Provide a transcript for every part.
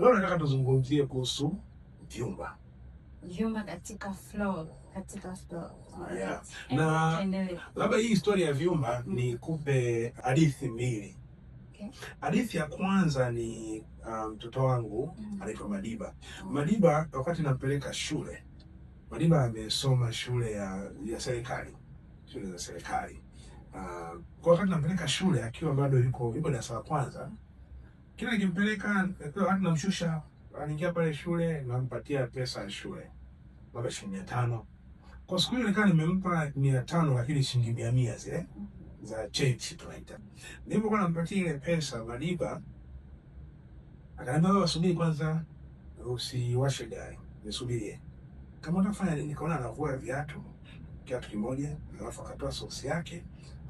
Leo nataka tuzungumzie kuhusu vyumba vyumba katika floor, katika floor. Yeah. Eh, Na labda hii historia ya vyumba mm. kupe hadithi mbili. Hadithi ya kwanza ni uh, mtoto um, wangu mm. anaitwa Madiba mm. Madiba wakati nampeleka shule, Madiba amesoma shule ya, ya serikali, shule za serikali uh, kwa wakati nampeleka shule akiwa bado yuko yuko darasa la kwanza kila nikimpeleka eh, namshusha, anaingia pale shule, nampatia pesa ya shule labda shilingi mia tano kwa siku hiyo, nikaa nimempa mia tano lakini shilingi mia mia zile za cheti tunaita. Nilipokuwa nampatia ile pesa Madiba akaniambia wewe, subiri kwanza, usiwashe gari, nisubirie kama utafanya nini. Nikaona anavua viatu kiatu kimoja, alafu akatoa soksi yake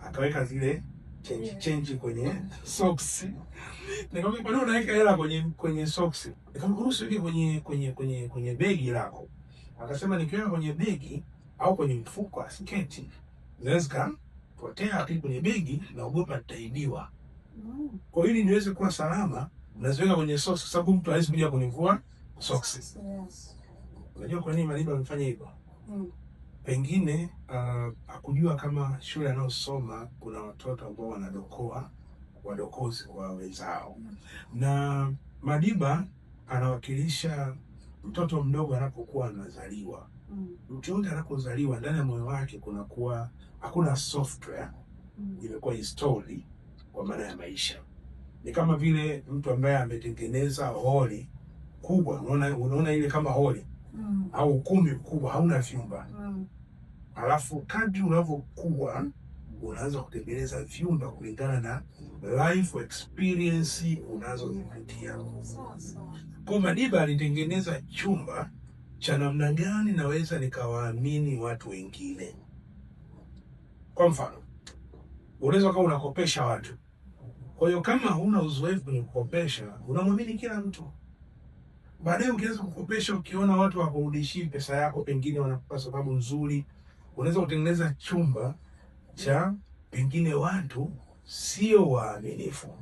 akaweka zile change change kwenye socks. Nikamwambia kwa nini unaweka hela kwenye kwenye socks? Nikamwambia ruhusu hivi kwenye kwenye kwenye kwenye begi lako. Akasema nikiweka kwenye begi au kwenye mfuko wa sketi naweza potea lakini kwenye begi naogopa nitaibiwa. Mm. Kwa hiyo niweze kuwa salama naziweka kwenye socks kwa sababu mtu hawezi kuja kunivua socks. Yes. Unajua kwa nini Mariba amefanya hivyo? Mm. Pengine uh, hakujua kama shule anayosoma kuna watoto ambao wanadokoa wadokozi wa wenzao, mm. na Madiba anawakilisha mtoto mdogo anapokuwa anazaliwa. Mm. Mtu yote anapozaliwa, ndani ya moyo wake kunakuwa hakuna software, mm. imekuwa installed kwa maana ya maisha. Ni kama vile mtu ambaye ametengeneza holi kubwa, unaona, unaona ile kama holi mm. au ukumbi mkubwa hauna vyumba mm. Alafu kadri unavyokuwa unaanza kutengeneza vyumba kulingana na life experience unazozipitia. Kwa Madiba alitengeneza chumba cha namna gani naweza nikawaamini watu wengine. Kwa mfano, unaweza kuwa unakopesha watu, kwa hiyo kama huna uzoefu kwenye kukopesha, unamwamini kila mtu baadaye ukiweza kukopesha, ukiona watu wakurudishii pesa yako, pengine wanakupa sababu nzuri, unaweza kutengeneza chumba cha pengine watu sio waaminifu.